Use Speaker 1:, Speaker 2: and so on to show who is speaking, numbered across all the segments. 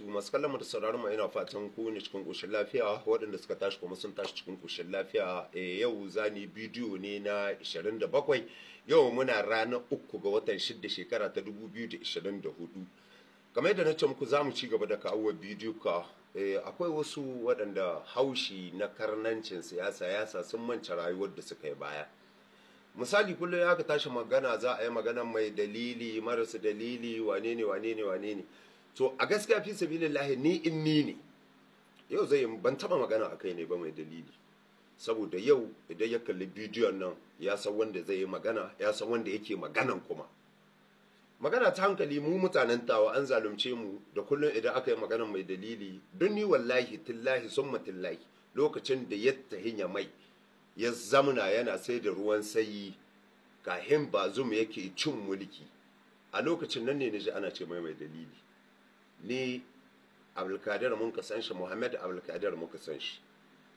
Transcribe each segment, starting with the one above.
Speaker 1: wato masu kallon mu da sauraron mu ina fatan ku ne cikin koshin lafiya waɗanda suka tashi kuma sun tashi cikin koshin lafiya eh, yau zani bidiyo ne na 27 yau muna ranar uku ga watan 6 shekara ta 2024 kamar yadda na ce muku zamu mu ci gaba da kawo bidiyo ka eh, akwai wasu waɗanda haushi na karnancin siyasa yasa sun manta rayuwar da suka yi baya misali kullum ya ka tashi magana za a yi magana mai dalili marasa dalili wane ne wane ne wane ne to a gaskiya fi sabilillahi ni in ni ne yau zai ban taba magana kai ne ba mai dalili saboda yau idan ya kalli bidiyon nan ya san wanda zai yi magana ya san wanda yake maganan kuma magana ta hankali mu mutanen tawa an zalunce mu da kullum idan aka yi magana mai dalili don ni wallahi tillahi sun matillahi lokacin da ya tahinya mai ya zamuna yana sai da ruwan sayi kahin zum yake cin mulki a lokacin nan ne ni ji ana ce mai mai dalili ni abdulkadir mun ka san shi muhammad abdulkadir mun ka san shi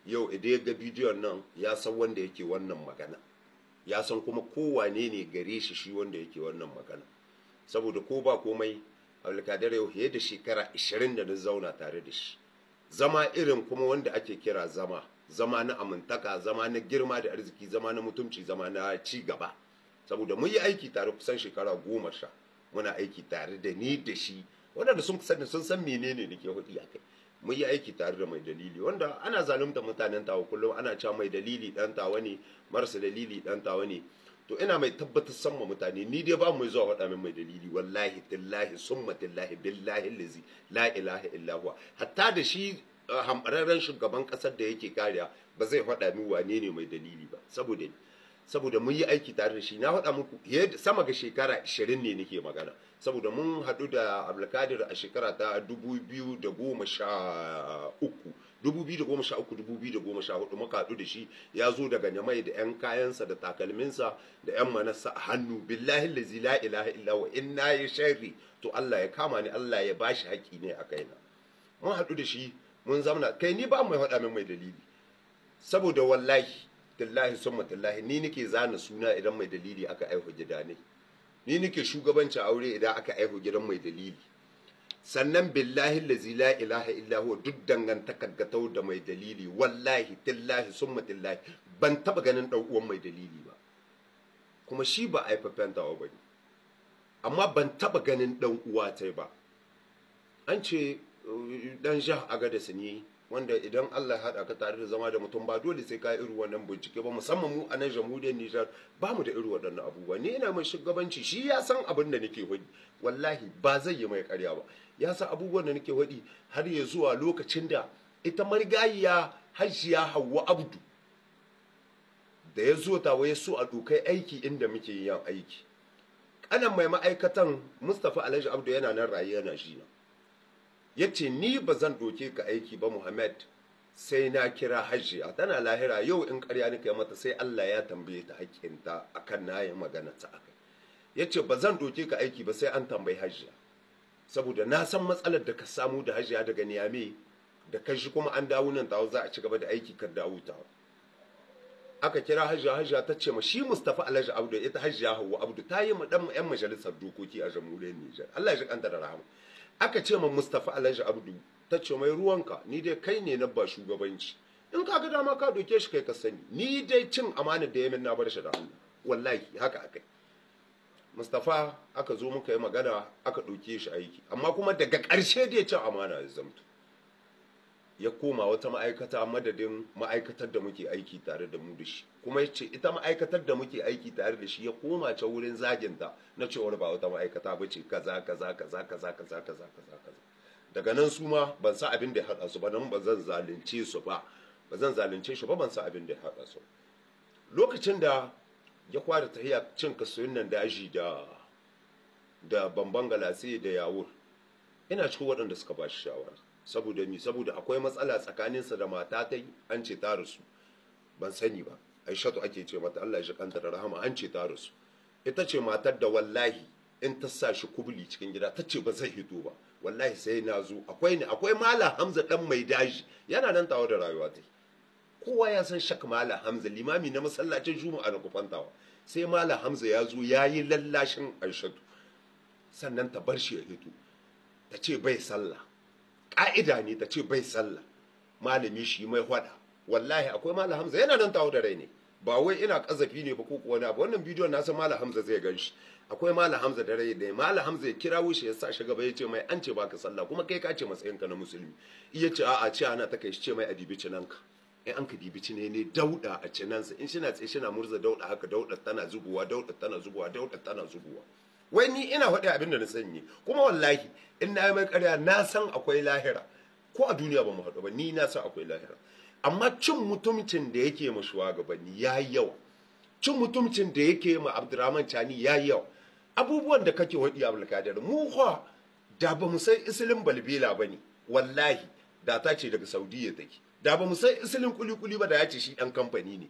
Speaker 1: yau idan ya ga bidiyon nan ya san wanda yake wannan magana ya san kuma kowane ne gare shi shi wanda yake wannan magana saboda ko ba komai abdulkadir yau fiye da shekara 20 da na zauna tare da shi zama irin kuma wanda ake kira zama zama na amintaka zama na girma da arziki zama na mutumci zama na ci gaba saboda mun yi aiki tare kusan shekara goma sha muna aiki tare da ni da shi waɗanda sun sani sun san menene nake hudu a kai mun yi aiki tare da mai dalili wanda ana zalunta mutanen tawa kullum ana cewa mai dalili dan tawa ne marasa dalili dan tawa ne to ina mai tabbatar san ma mutane ni dai ba mu zuwa faɗa min mai dalili wallahi tillahi summa tillahi billahi lazi la ilaha illa huwa hatta da shi hambararren shugaban kasar da yake kariya ba zai faɗa min wane ne mai dalili ba saboda saboda mun yi aiki tare da shi na faɗa muku sama ga shekara 20 ne nake magana saboda mun haɗu da abdulkadir a shekara ta 2013 2014 muka haɗu da shi ya zo daga nyamai da 'yan kayansa da takalminsa da 'yan manasa a hannu billahi lazi la ilaha illa wa inna ya shari to Allah ya kama ni Allah ya bashi haƙi ne a kaina mun haɗu da shi mun zamana kai ni ba mai haɗa min mai dalili saboda wallahi tallahi summa tallahi ni nake zana suna idan mai dalili aka aihu gida ne ni nake shugabancin aure idan aka aihu gidan mai dalili sannan billahi lazi la ilaha illa duk dangantakar ga da mai dalili wallahi tillahi summa tillahi ban taba ganin dan uwan mai dalili ba kuma shi ba aifafen dawa ba ne amma ban taba ganin dan uwa ta ba an ce dan jah agadasa ne wanda idan Allah ya haɗa ka tare da zama da mutum ba dole sai ka irin wannan bincike ba musamman mu a nan jamhuriyar Nijar ba mu da irin waɗannan abubuwa ni ina mai shugabanci shi ya san abin da nake hudi wallahi ba zai yi mai karya ba ya san abubuwan da nake hudi har ya zuwa lokacin da ita marigayiya hajiya Hauwa Abdu da ya zo ta waye so a dokai aiki inda muke yin aiki kanan mai ma'aikatan Mustapha Alhaji Abdu yana nan rayuwa na shi na ya ce ni ba zan doke ka aiki ba muhammad sai na kira hajiya tana lahira yau in karya ni kai mata sai allah ya tambaye ta a akan na yi magana ta akai ya ce ba zan doke ka aiki ba sai an tambayi hajiya saboda na san matsalar da ka samu da hajiya daga niyame da ka shi kuma an dawo nan tawo za a ci gaba da aiki kar dawo tawo aka kira hajiya hajiya ta ce ma shi mustafa alhaji abdu ita hajiya hawa abdu ta yi ma dan yan majalisar dokoki a jamhuriyar nijar allah ya shi kanta da rahama aka ce min mustafa Alhaji Abdu ta ce mai ruwanka ni dai kai ne na ba shugabanci in ka ga dama ka doke shi kai ka sani ni dai cin amana da yamin na bar shi da hannu wallahi haka akai Mustapha aka zo muka yi magana aka doke shi aiki amma kuma daga ƙarshe dai cin amana ya zamto ya koma wata ma'aikata madadin ma'aikatar da muke aiki tare da mu da shi kuma ya ce ita ma'aikatar da muke aiki tare da shi ya koma ta wurin zaginta na cewar ba wata ma'aikata ba ce kaza kaza kaza kaza kaza kaza kaza kaza daga nan su ma ban sa abin da ya haɗa su ba nan ba zan zalunce su ba ba zan zalunce shi ba ban sa abin da ya haɗa su lokacin da ya kwara tahiya cin kasuwin nan daji da da bamban galasi da yawur ina cikin waɗanda suka ba shi shawara saboda mi saboda akwai matsala tsakaninsa da mata ta an ce ta rasu ban sani ba aishatu ake ce mata Allah ya shi kanta da rahama an ce ta rasu ita ce matar da wallahi in ta sa shi kubli cikin gida ta ce ba zai hito ba wallahi sai na zo akwai ne akwai mala hamza dan mai daji yana nan tawo da rayuwa ta kowa ya san shak mala hamza limami na masallacin juma'a na kufantawa sai mala hamza ya zo ya yi lallashin aishatu sannan ta bar shi ya hito ta ce bai sallah ka'ida ne ta ce bai sallah malami shi mai hwada wallahi akwai malam hamza yana nan tawo da rai ne ba wai ina kazafi ne ba ko kuwa ba wannan bidiyon na san malam hamza zai gan shi akwai malam hamza da rai ne malam hamza ya kira wuce ya sa shi gaba ya ce mai an ce baka sallah kuma kai ka ce matsayinka na musulmi iya ce a'a ce ana ta kai shi ce mai a dibi cinanka ai eh, an ka dibi cine ne dauda a cinansa in shi na tsaye shi na murza dauda haka dauda tana zubuwa dauda tana zubuwa dauda tana zubuwa wai ni ina faɗi abin da na sani kuma wallahi in na yi mai ƙarya na san akwai lahira ko a duniya ba mu haɗu ba ni na san akwai lahira amma cin mutumcin da yake ma shugabanni ya yi yawa cin mutumcin da yake ma abdurrahman cani ya yi yawa abubuwan da kake waɗi abdulkadir mu kwa da ba mu san isilin balbela ba ne wallahi da ta ce daga saudiya take da ba mu san isilin kuli-kuli ba da ya ce shi ɗan kamfani ne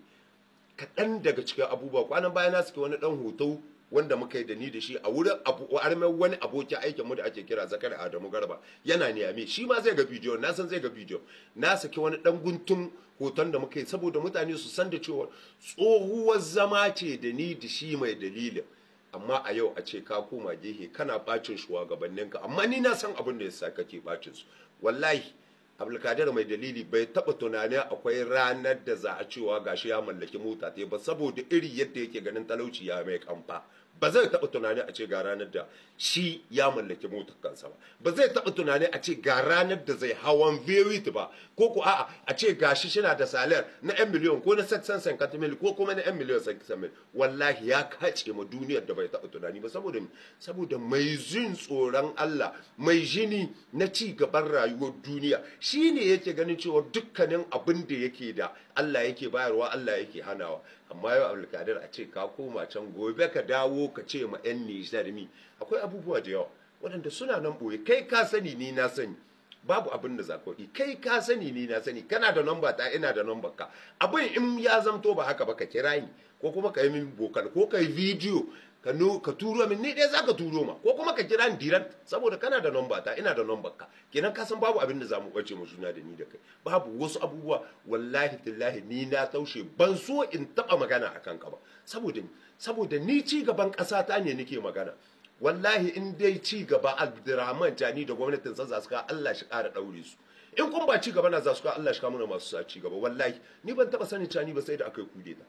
Speaker 1: kaɗan daga cikin abubuwa kwanan bayan na suke wani ɗan hoto wanda muka yi da ni da shi a wurin armen wani abokin aikin mu da ake kira zakar adamu garba yana niyami shi ma zai ga bidiyo na san zai ga bidiyo na saki wani dan guntun hoton da muka yi saboda mutane su san da cewa tsohuwar zama ce da ni da shi mai dalilin amma a yau a ce ka koma gehe kana bacin shugabanninka amma ni na san abin da ya sa kake bacin su wallahi abdulkadir mai dalili bai taba tunanin akwai ranar da za a cewa gashi ya mallaki mota ba saboda iri yadda yake ganin talauci ya mai kamfa ba zai taɓa tunani a ce ga ranar da shi ya mallaki motar kansa ba ba zai taɓa tunani a ce ga ranar da zai hawan verit ba ko ku a'a a ce ga shi shina da salar na 'yan miliyon ko na 650 mil ko kuma na 'yan miliyon 600 mil wallahi ya kace ma duniyar da bai taɓa tunani ba saboda mai jin tsoron Allah mai jini na ci gaban rayuwar duniya shi ne yake ganin cewa dukkanin abin da yake da Allah yake bayarwa Allah yake hanawa amma yau abdulkadir a ce ka koma can gobe ka dawo ka ce ma yan nijar mi akwai abubuwa da yawa waɗanda suna nan ɓoye kai ka sani ni na sani babu abin da zakoɗi kai ka sani ni na sani kana da namba ta ina da namba ka abin in ya zamto ba haka ba ka kira ni ko kuma ka yi min bokal ko ka yi bidiyo ka turo min ni dai ka turo ma ko kuma ka kira ni diran saboda kana da number ta ina da number ka kenan ka san babu abin da zamu bace mu juna da ni da kai babu wasu abubuwa wallahi tallahi ni na taushe ban so in taba magana akan ka ba saboda saboda ni ci gaban ƙasa ta ne nake magana wallahi in dai ci gaba Abdurrahman Jani da gwamnatin sa za su ka Allah shi ƙara daure su in kun ba ci gaba na za su ka Allah shi ka muna masu sa ci gaba wallahi ni ban taba sanin Jani ba sai da akai kudeta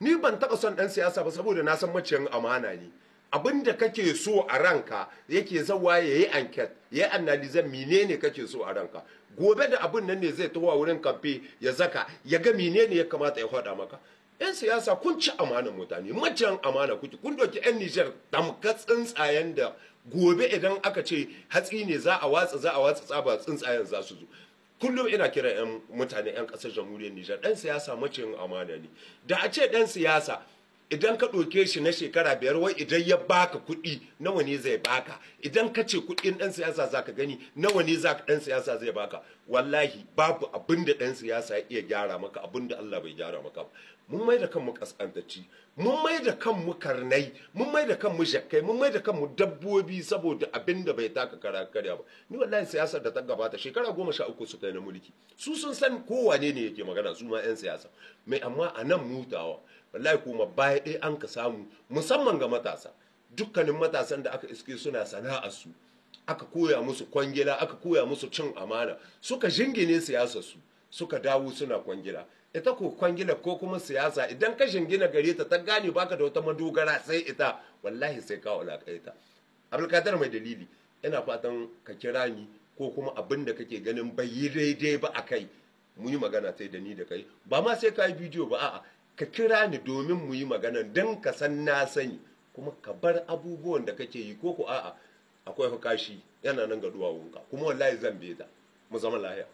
Speaker 1: ni ban taɓa son ɗan siyasa ba saboda na san maciyan amana ne abin da kake so a ranka yake zawa ya yi anket ya yi analizan ne kake so a ranka gobe da abin nan ne zai tawa wurin kamfe ya zaka ya ga mine ne ya kamata ya haɗa maka yan siyasa kun ci amanar mutane maciyan amana kuke kun doki yan Nijar ɗamka tsuntsayen da gobe idan aka ce hatsi ne za a watsa za a watsa tsaba tsuntsayen za su zo kullum ina kira yan mutane yan kasar jamhuriyar Nijar dan siyasa macin amana ne da a ce dan siyasa idan ka ɗauke shi na shekara biyar wai idan ya baka kuɗi nawa ne zai baka idan ka ce kuɗin ɗan siyasa za ka gani nawa ne za ɗan siyasa zai baka wallahi babu abin da ɗan siyasa ya iya gyara maka abin da Allah bai gyara maka mun mai da kanmu kaskantacci mun mai da kanmu karnai mun mai da kanmu jakkai mun mai da kanmu dabbobi saboda abin da bai taka kara karya ba ni wallahi siyasar da ta gabata shekara goma sha uku suka yi na mulki su sun san kowane ne yake magana su ma 'yan siyasa mai amma a nan mutawa wallahi kuma baya ɗaya an ka samu musamman ga matasa dukkanin matasan da aka iske suna sana'ar su aka koya musu kwangila aka koya musu cin amana suka jingine siyasar su suka dawo suna kwangila ita ko kwangila ko kuma siyasa idan ka shingina gare ta ta gane baka da wata madogara sai ita wallahi sai ka ita. abulkadar mai dalili ina fatan ka kira ni ko kuma abin da kake ganin bai yi daidai ba a kai mu yi magana sai da ni da kai ba ma sai ka yi bidiyo ba a'a ka kira ni domin mu yi magana don ka san na sani kuma ka bar abubuwan da kake yi ko ko a'a akwai hukashi yana nan ga duwawunka kuma wallahi zan beta mu zama lahiya